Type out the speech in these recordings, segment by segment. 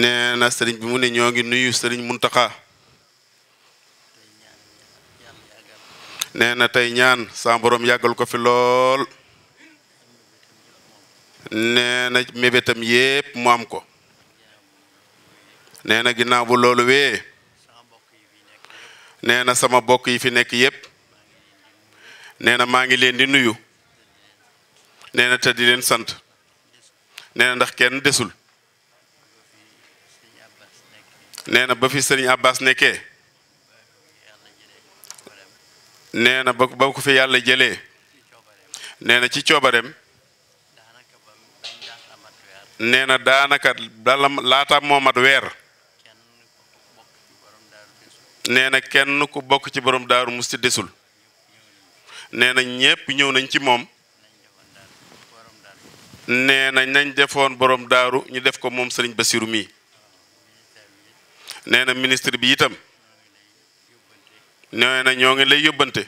nee na sëriñ bi mu ne ñoo ngi nuyu sëriñ Muntaxa nee na tey ñaan sa borom ko fi lool neena na mébétam yépp mu ko nee na ginnaaw bu loolu wee nee na sama bokk yi fi nekk yépp nee na maa ngi leen di nuyu neena na te di leen sant nee na ndax kenn desul nee na ba fi sëriñ Abbas nekke nee na ba ba ko fi yàlla jëlee nee na ci coobareem nee na daanaka dala laata moo mat weer neena kenn ku bokk ci boroom daaru musti desul nee na ñépp ñëw nañ ci moom nee na nañ defoon borom daaru ñu def ko moom sëriñ Basiru mii nee na ministre bi itam nee na ñoo ngi lay yóbbante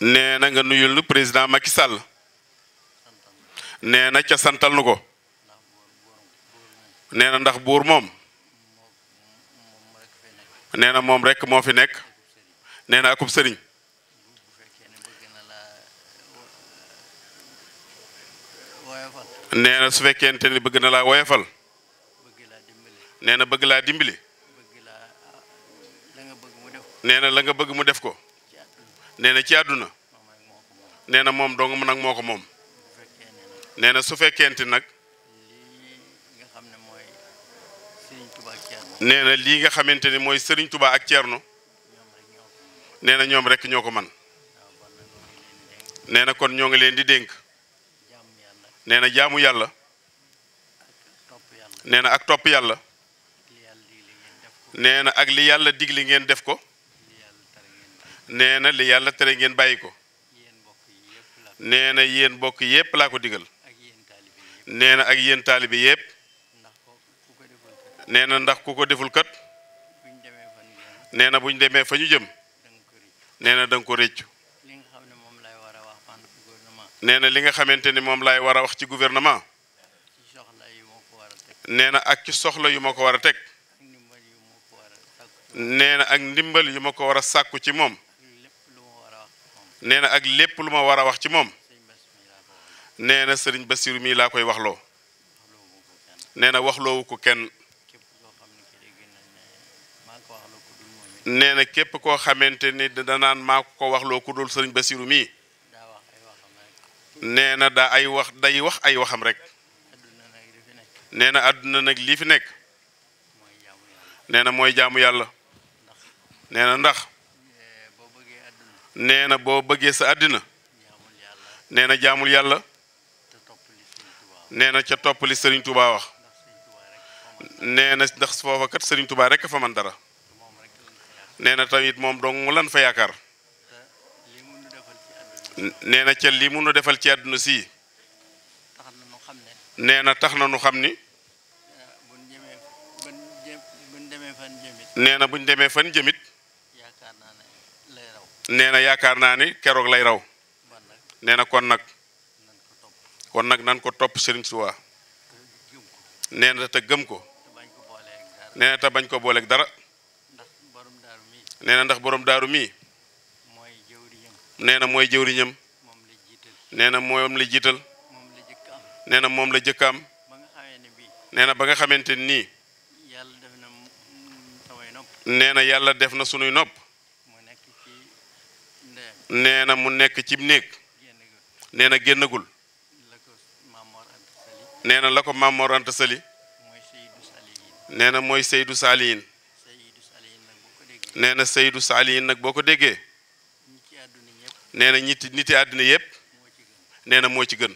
nee na nga nuyul nu président Macky Sall nee na ca santal nu ko nee na ndax buur moom nee na moom rekk moo fi nekk nee na akub sëriñ nee na su fekkente ni bëgg na laa woyofal nee na bëgg laa dimbali ah, nee na la nga bëgg mu def ko nee na ci àdduna nee na moom dong mu nag moo ko moom nee na su fekkente nag nee na lii nga xamante ni mooy sëriñ Touba ak Thierno nee na ñoom rekk ñoo ko man ah, nee na kon ñoo ngi leen di dénk nee na jaamu yàlla nee na ak topp yàlla nee na ak li yàlla digli ngeen def ko nee na li yàlla tere ngeen bàyyi ko nee na yéen bokk yépp laa ko digal nee na ak yéen taalibe yépp nee na ndax ku ko deful kat nee na bu ñu demee fa ñu jëm nee na da nga ko réccu nee na li nga xamante ni moom laay war a wax ci gouvernement nee na ak ci soxla yu ma ko war a teg nee na ak ndimbal yu ma ko war a sàkku ci moom nee na ak lépp lu ma war a wax ci moom nee na sëriñ Basiru mii laa koy waxloo nee na waxloowu ko kenn nee na képp koo xamante ni danaan maa ko ko waxloo ku dul sëriñ Basiru mii nee na da ay wax day wax ay waxam rek nee na àdduna nag lii fi nekk nee na mooy jaamu yàlla nee na ndax nee na boo bëggee sa àddina nee na jaamul yàlla nee na ca toppali sëriñ Touba wax nee na ndax foofa kat Serigne Touba rek fa man dara nee na tamit moom dong lan fa yaakaar. nee na ca li mu nu defal ci àdduna sii nee na tax na nu xam ni eh, nee na buñ demee fan jëmit nee na yaakaar naa ni keroog lay raw nee na kon nag kon nag nan ko topp Serigne Touba nee na te gëm ko nee ta bañ ko booleeg dara nee na ndax borom daaru mii nee na mooy jëwriñam nee na moom la jiital nee na moom la jëkkaam nee na ba nga xamante nii nee na yàlla def na sunuy nopp nee na mu nekk ci néeg nee na génnagul nee na la ko Mamor Anta nee na mooy Seydou Saliin nee na Seydou Saliin nag boo ko déggee nee na ñitti niti àddina yépp nee na moo ci gën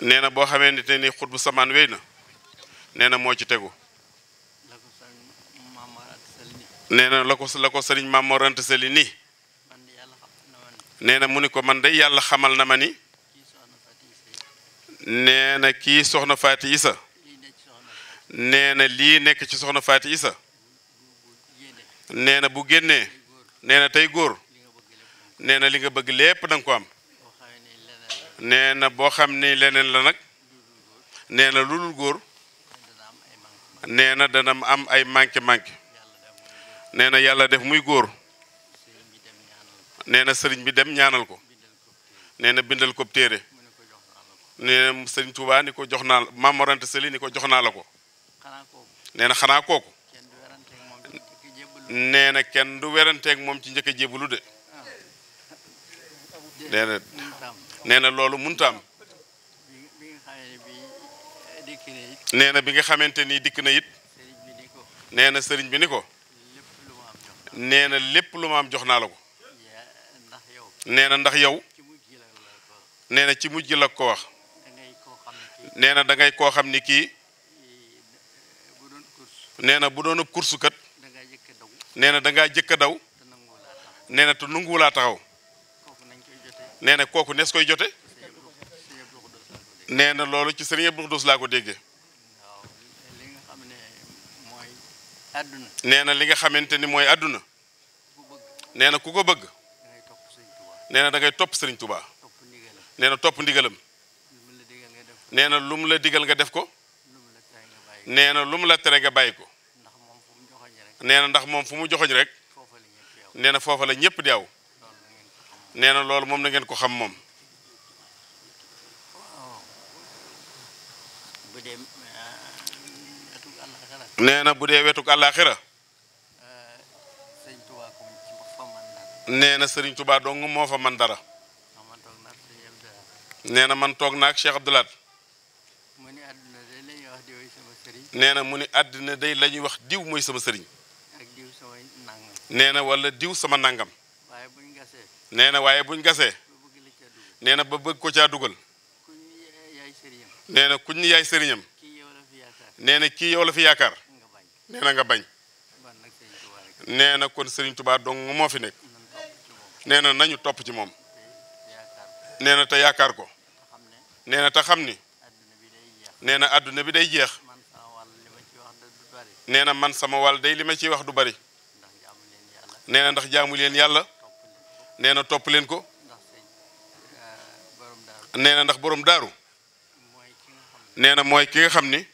nee na boo xamee nit ni xut bu samaan wéy na nee na moo ci tegu nee na la ko la ko sëriñ Mamor Anta Sali nii nee na mu ni ko man de yàlla xamal na ma ni nee na kii soxna Faati Isa nee na lii nekk ci soxna Faati Isa nee na bu génnee nee na tey góor nee na li nga bëgg lépp da ko am nee na boo xam ni leneen la nag nee na lu góor nee na dana am ay manqué-manqué nee na yàlla def muy góor nee na sëriñ bi dem ñaanal ko nee na bindal ko téere nee na sëriñ Tuubaa ni ko jox naa la Maam ni ko jox naa la ko nee na xanaa kook nee na kenn du weranteek moom ci njëkk a jébbalu de nee na loolu mënta am nee na bi nga xamante ni dikk na it nee na sëriñ bi ni ko nee na lépp lu ma am jox naa la ko nee na ndax yow nee na ci mujj la ko wax nee na da koo xam ni kii nee na bu doon ab kursukat nee na dangaa jëkk a daw nee na te laa taxaw nee na kooku nees koy jote nee na loolu ci sëriñ Abdou Khoudoss laa ko déggee nee na li nga xamante ni mooy àdduna nee na ku ko bëgg nee na da ngay topp sëriñ Touba nee na topp ndigalam nee na lu mu la digal nga def ko nee na lu mu la tere nga bàyyi ko nee na ndax moom fu mu joxoñ rek nee na foofa la ñëpp di nee na loolu moom na ngeen ko xam moom. Ah, nee na bu dee wetug àllaaxira eh, nee na Serigne Touba dong moo fa man dara. nee na man toog naag Cheikh Abdoulaat. nee na mu ni àddina day la ñuy wax diw mooy sama sëriñ. nee na wala diw sama nangam. nee na waaye buñ gasee. nee na ba bëgg ko caa dugal. nee na kuñ ni yaay sëriñam. nee na kii yow la fi yaakaar. nee nga bañ. nee na kon Serigne Touba dong moo fi nekk. nee na nañu topp ci moom. nee te yaakaar ko. nee na te xam ni. nee na àdduna bi day jeex. nee na man sama wàll day li ma ciy wax du bari. nee na ndax jaamu leen yàlla nee na topp leen ko nee na ndax borom daaru nee na mooy ki nga xam ni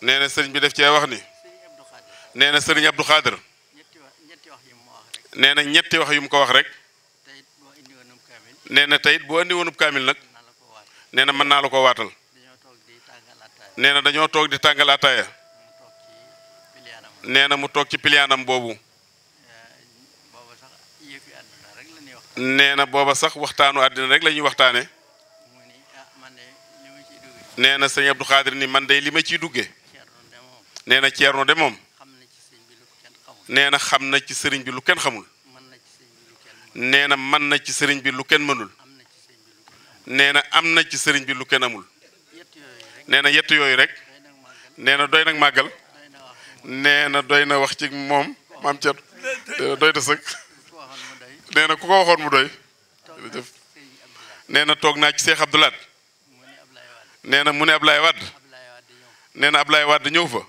nee na sëriñ bi def cee wax ni nee na sëriñ Abdou Khader nee na ñetti wax yu mu ko wax rek nee na teyit boo andi woonub kaamil nag nee na mën naa la ko waatal nee na dañoo toog di tàngal ataaya na mu toog ci piliyaanam boobu nee na booba sax waxtaanu àddina rek lañuy ñuy waxtaane nee na sëñ Abdou Khadir ni man day li ma ciy dugge neena na ceerno de moom nee na xam na ci sëriñ bi lu kenn xamul nee na man na ci sëriñ bi lu kenn mënul nee na am na ci sëriñ bi lu kenn nee na yett yooyu rek nee na doy nag màggal nee na doy na wax ci moom maam ceerno doy na sëkk nee na ku ko waxoon mu doy nee na toog naa ci Seex Abdou Lahad nee na mu ne Ablaye Wade nee na Ablaye Wade ñëw fa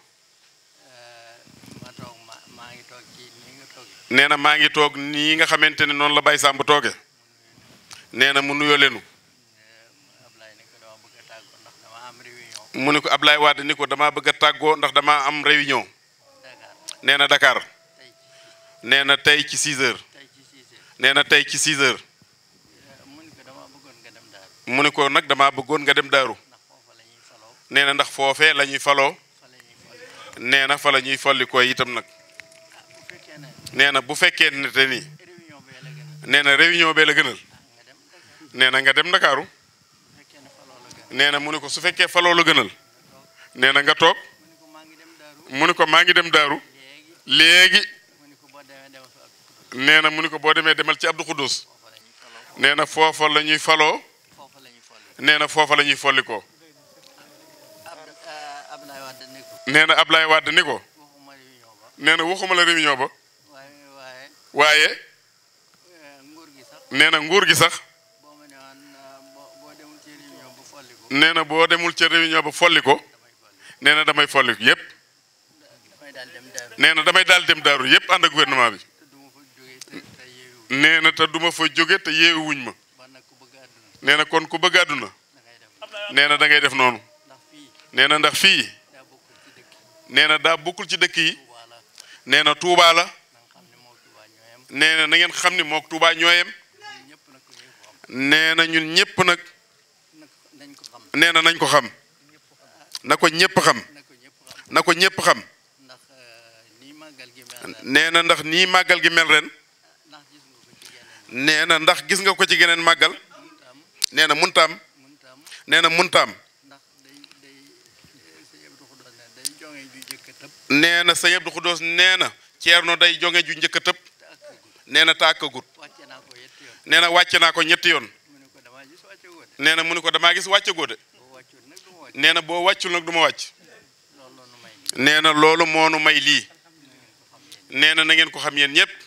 nee na maa ngi toog nii nga xamante ne noonu la Baye Samb tooge nee na mu nuyoo leenu mu ne ko Ablaye Wade ni ko damaa bëgg a tàggoo ndax damaa am réunion nee na Dakar nee na tey ci 6 heures nee na tey ci 6 heures mu ne ko nag dama bëggoon nga dem daaru nee na ndax foofee la ñuy faloo nee na fa la ñuy folli ko itam nag nee na bu fekkee ne nii nee na réunion bee la gënal nee na nga dem ndakaaru nee na mu ne ko su fekkee faloo la gënal nee nga toog mu ne ko maa ngi dem daaru léegi nee na mu ni ko boo demee demal ci Abdou Khoudous nee na foofa la ñuy faloo nee na foofa la ñuy folli ko nee na Ablaye Wade ni ko na waxuma la réunion ba waaye nee na nguur gi sax nee na boo demul ca réunion ba folli ko nee na damay folli yépp nee na damay daal dem daaru yépp ànd ak gouvernement bi nee na te duma fa jóge te yeewuñ ma nee na kon ku bëgg àdduna nee na da ngay def noonu nee na ndax fii nee na daa bokkul ci dëkk yi nee na Touba la nee na na ngeen xam ni mook Touba ñooyem nee na ñun ñëpp nag nee na nañ ko xam na ko ñëpp xam na ko ñëpp xam eh, nee na ndax nii màggal gi mel ren nee na ndax gis nga ko ci geneen màggal nee na muntaam nee na muntaam nee na sëñ Abdou Khoudous nee na Ceerno day jonge ju njëkk tëpp tëb nee na tàkkagut nee na wàcce naa ko ñetti yoon nee na mu ne ko damaa gis wàcce goo de nee na boo wàccul nag du ma wàcc nee na loolu moo nu may lii nee na na ngeen ko xam yéen ñëpp.